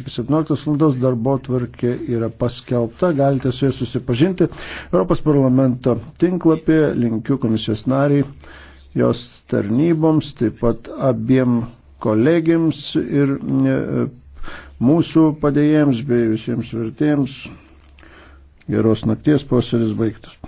iki 17 valandos darbo tvarkė yra paskelbta, galite su jais susipažinti. Europos parlamento tinklapį linkiu komisijos nariai, jos tarnyboms, taip pat abiem kolegiams ir e, mūsų padėjėjams bei visiems vertėjams. Geros nakties posėdis baigtas.